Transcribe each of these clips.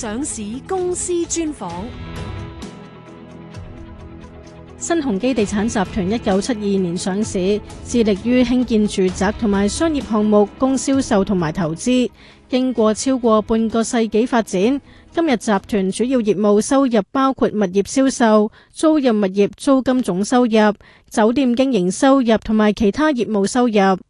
上市公司專訪：新鴻基地產集團一九七二年上市，致力於興建住宅同埋商業項目，供銷售同埋投資。經過超過半個世紀發展，今日集團主要業務收入包括物業銷售、租賃物業租金總收入、酒店經營收入同埋其他業務收入。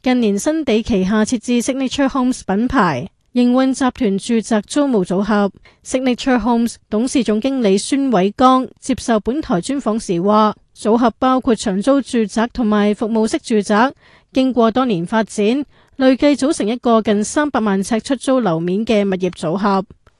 近年新地旗下設置 Signature Homes 品牌。營運集團住宅租務組合 Signature Homes 董事總經理孫偉剛接受本台專訪時話，組合包括長租住宅同埋服務式住宅，經過多年發展，累計組成一個近三百萬尺出租樓面嘅物業組合。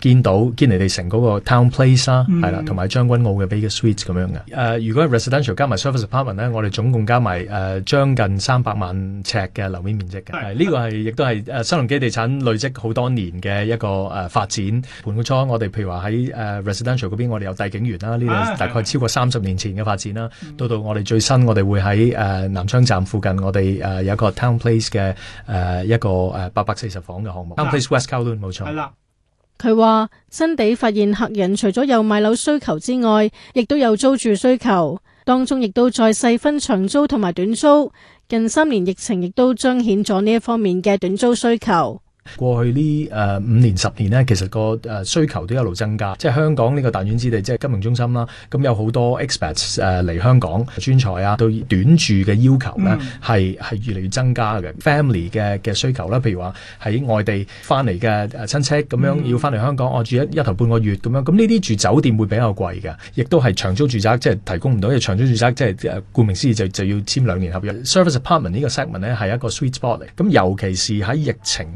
見到堅尼地城嗰個 town place 啦、啊，啦、嗯，同埋將軍澳嘅 Vega Suites 咁樣嘅、呃。如果 residential 加埋 service apartment 咧，我哋總共加埋誒、呃、將近三百萬尺嘅樓面面積嘅。呢、啊這個係亦都係新鴻基地產累積好多年嘅一個誒、啊、發展。盤古初，我哋譬如話喺、啊、residential 嗰邊，我哋有帝景園啦，呢、這、度、個、大概超過三十年前嘅發展啦、啊。到到我哋最新，我哋會喺、啊、南昌站附近，我哋、啊、有一個 town place 嘅、啊、一個誒八百四十房嘅項目、啊。town place west kowloon 冇錯。係啦。佢話新地發現客人除咗有買樓需求之外，亦都有租住需求，當中亦都再細分長租同埋短租。近三年疫情亦都彰顯咗呢一方面嘅短租需求。過去呢誒、呃、五年十年呢，其實個誒、呃、需求都一路增加，即係香港呢個彈丸之地，即係金融中心啦。咁有好多 experts 誒、呃、嚟香港專才啊，對短住嘅要求呢係係、嗯、越嚟越增加嘅。Family 嘅嘅需求啦，譬如話喺外地翻嚟嘅親戚咁樣、嗯、要翻嚟香港，我、啊、住一一頭半個月咁樣，咁呢啲住酒店會比較貴嘅，亦都係長租住宅，即係提供唔到。因為長租住宅即係誒顧名思義就就要簽兩年合約。Service apartment 呢個 segment 呢係一個 sweet spot 嚟。咁尤其是喺疫情。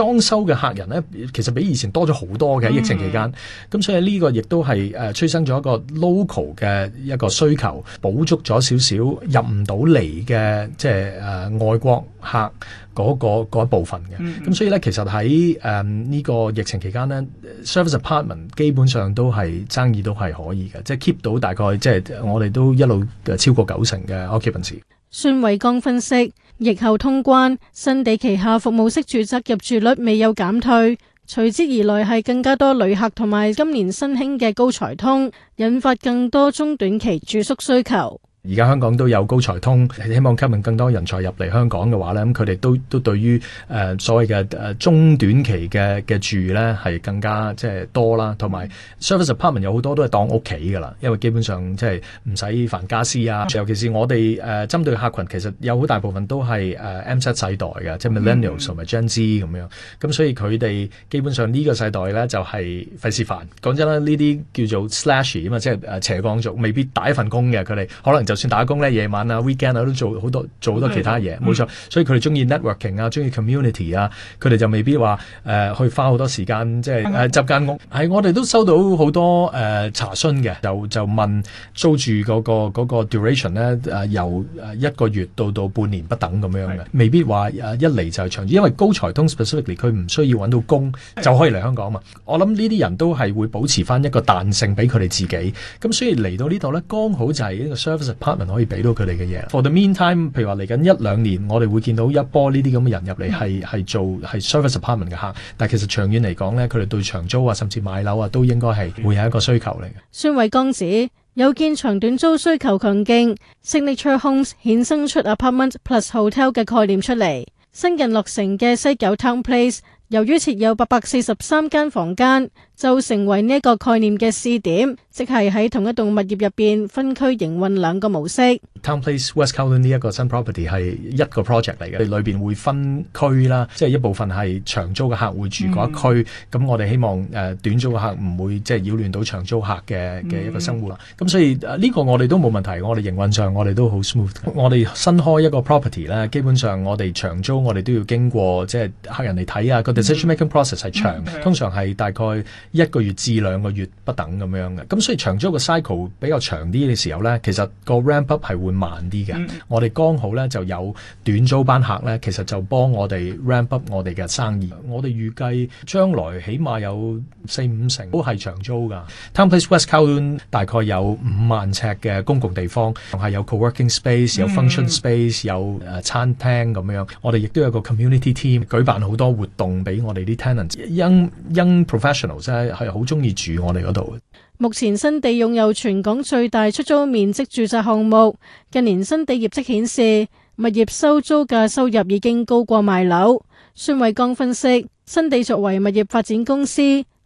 裝修嘅客人呢，其實比以前多咗好多嘅。疫情期間，咁、mm -hmm. 所以呢個亦都係誒催生咗一個 local 嘅一個需求，補足咗少少入唔到嚟嘅，即係誒外國客嗰、嗰個嗰一部分嘅。咁、mm -hmm. 所以呢，其實喺誒呢個疫情期間呢 service apartment 基本上都係生意都係可以嘅，即係 keep 到大概即係我哋都一路超過九成嘅 occupancy。孫偉剛分析。疫後通關，新地旗下服務式住宅入住率未有減退，隨之而來係更加多旅客同埋今年新興嘅高才通，引發更多中短期住宿需求。而家香港都有高才通，希望吸引更多人才入嚟香港嘅話咧，咁佢哋都都對於誒、呃、所謂嘅誒中短期嘅嘅住咧係更加即係、就是、多啦，同埋 service apartment 有好多都係當屋企噶啦，因為基本上即係唔使煩家私啊。尤其是我哋誒針對客群，其實有好大部分都係誒 MZ 世代嘅，即、就、係、是、millennials 同、嗯、埋 Gen Z 咁樣。咁所以佢哋基本上呢個世代咧就係費事煩。講真啦，呢啲叫做 slash 啊嘛，即係誒斜槓族，未必打一份工嘅，佢哋可能。就算打工咧，夜晚啊、weekend 啊都做好多做好多其他嘢，冇、嗯、錯。所以佢哋中意 networking 啊，中意 community 啊，佢哋就未必話誒、呃、去花好多時間，即係誒、嗯、執間屋。係、嗯、我哋都收到好多誒、呃、查詢嘅，就就問租住嗰、那個嗰、那個 duration 咧，誒、呃、由誒一個月到到半年不等咁樣嘅，未必話誒、呃、一嚟就係長住，因為高才通 specifically 佢唔需要揾到工就可以嚟香港啊嘛。我諗呢啲人都係會保持翻一個彈性俾佢哋自己。咁所以嚟到呢度咧，剛好就係呢個 service。Apartment 可以俾到佢哋嘅嘢。For the meantime，譬如話嚟緊一兩年，我哋會見到一波呢啲咁嘅人入嚟，係係做係 service apartment 嘅客。但其實長遠嚟講呢佢哋對長租啊，甚至買樓啊，都應該係會有一個需求嚟嘅。孫偉剛指有見長短租需求強勁，Signature Homes 衍生出 apartment plus hotel 嘅概念出嚟。新近落成嘅西九 Town Place，由於設有八百四十三間房間，就成為呢個概念嘅試點，即係喺同一棟物業入邊分區營運兩個模式。Town Place West Kowloon 呢一個新 property 係一個 project 嚟嘅，裏邊會分區啦，即係一部分係長租嘅客會住嗰一區，咁我哋希望誒短租嘅客唔會即係擾亂到長租客嘅嘅一個生活喇。咁所以呢個我哋都冇問題，我哋營運上我哋都好 smooth。我哋新開一個 property 啦，基本上我哋長租我哋都要經過即係客人嚟睇啊，個 decision making process 係長，通常係大概，一個月至兩個月不等咁樣嘅，咁所以長租個 cycle 比較長啲嘅時候咧，其實個 ramp up 係會慢啲嘅。我哋剛好咧就有短租班客咧，其實就幫我哋 ramp up 我哋嘅生意。我哋預計將來起碼有四五成都係長租㗎。Town Place West Kowloon 大概有五萬尺嘅公共地方，仲係有 co-working space、有 function space、有誒餐廳咁樣。我哋亦都有個 community team 舉辦好多活動俾我哋啲 tenants、young young professional 啫。係好中意住我哋嗰度。目前新地擁有全港最大出租面積住宅項目。近年新地業績顯示，物業收租嘅收入已經高過賣樓。孫偉剛分析，新地作為物業發展公司，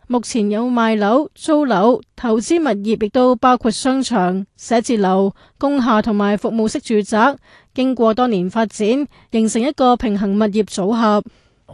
目前有賣樓、租樓、投資物業，亦都包括商場、寫字樓、工廈同埋服務式住宅。經過多年發展，形成一個平衡物業組合。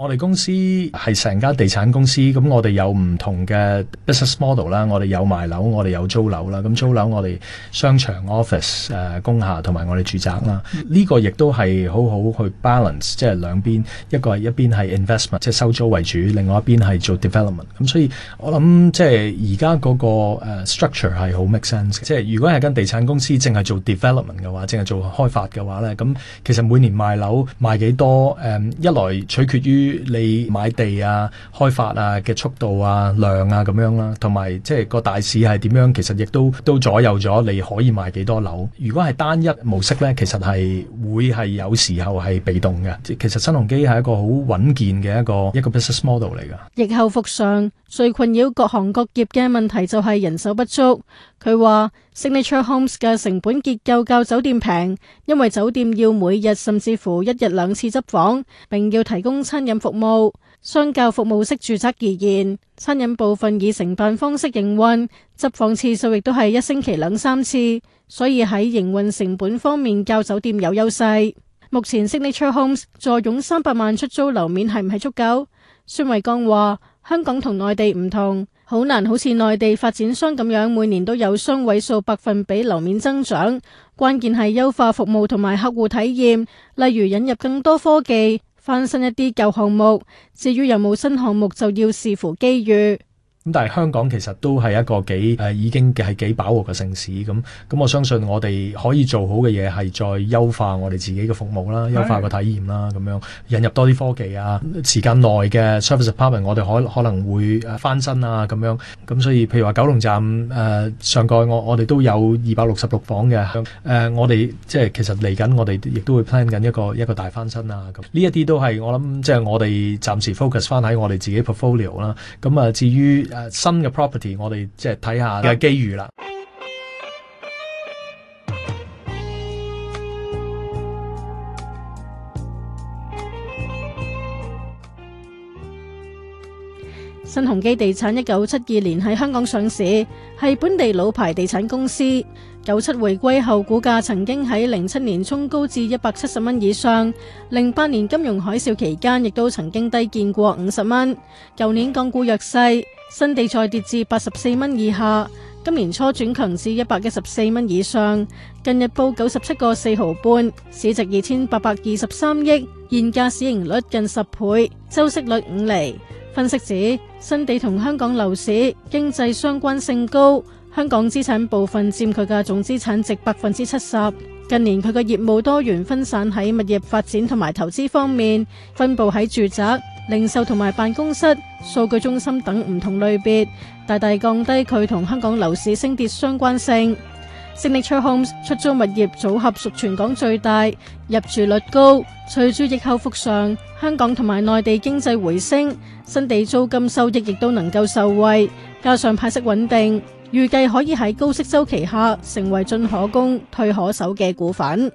我哋公司係成間地產公司，咁我哋有唔同嘅 business model 啦，我哋有賣樓，我哋有租樓啦。咁租樓，我哋商場 office 誒工廈同埋我哋住宅啦。呢個亦都係好好去 balance，即係兩邊一個係一邊係 investment，即係收租為主，另外一邊係做 development。咁所以我諗即係而家嗰個 structure 係好 make sense。即係如果係間地產公司淨係做 development 嘅話，淨係做開發嘅話咧，咁其實每年賣樓賣幾多誒、嗯、一來取決於。你買地啊、開發啊嘅速度啊、量啊咁樣啦、啊，同埋即係個大市係點樣，其實亦都都左右咗你可以賣幾多樓。如果係單一模式呢，其實係會係有時候係被動嘅。其實新鴻基係一個好穩健嘅一個一個 business model 嚟噶。疫後復常，最困擾各行各業嘅問題就係人手不足。佢話：Signature Homes 嘅成本結構較酒店平，因為酒店要每日甚至乎一日兩次執房，並要提供餐飲服務。相較服務式住宅而言，餐飲部分以承辦方式營運，執房次數亦都係一星期兩三次，所以喺營運成本方面較酒店有優勢。目前 Signature Homes 坐擁三百萬出租樓面，係唔係足夠？孫偉剛話。香港同內地唔同，好難好似內地發展商咁樣，每年都有雙位數百分比樓面增長。關鍵係優化服務同埋客戶體驗，例如引入更多科技、翻新一啲舊項目。至於有冇新項目，就要視乎機遇。但係香港其實都係一個幾誒、啊、已經係幾飽和嘅城市咁，咁我相信我哋可以做好嘅嘢係再優化我哋自己嘅服務啦，優化個體驗啦，咁樣引入多啲科技啊，時間內嘅 service apartment 我哋可可能會誒、啊、翻新啊，咁樣咁、啊、所以譬如話九龍站誒、啊、上蓋我我哋都有二百六十六房嘅，誒、啊、我哋即係其實嚟緊我哋亦都會 plan 緊一個一個大翻新啊，咁呢一啲都係我諗即係我哋暫時 focus 翻喺我哋自己 portfolio 啦、啊，咁啊至於。新嘅 property，我哋即係睇下嘅機遇啦。新鴻基地產一九七二年喺香港上市，係本地老牌地產公司。九七回歸後，股價曾經喺零七年沖高至一百七十蚊以上，零八年金融海嘯期間亦都曾經低見過五十蚊。舊年港股弱勢，新地再跌至八十四蚊以下，今年初轉強至一百一十四蚊以上，近日報九十七個四毫半，市值二千八百二十三億，現價市盈率近十倍，周息率五厘。分析指，新地同香港樓市經濟相關性高。香港資產部分佔佢嘅總資產值百分之七十。近年佢嘅業務多元分散喺物業發展同埋投資方面，分布喺住宅、零售同埋辦公室、數據中心等唔同類別，大大降低佢同香港樓市升跌相關性。Signature Homes 出租物業組合屬全港最大，入住率高，隨住疫後復上。香港同埋內地經濟回升，新地租金收益亦都能夠受惠，加上派息穩定。預計可以喺高息周期下成為進可攻、退可守嘅股份。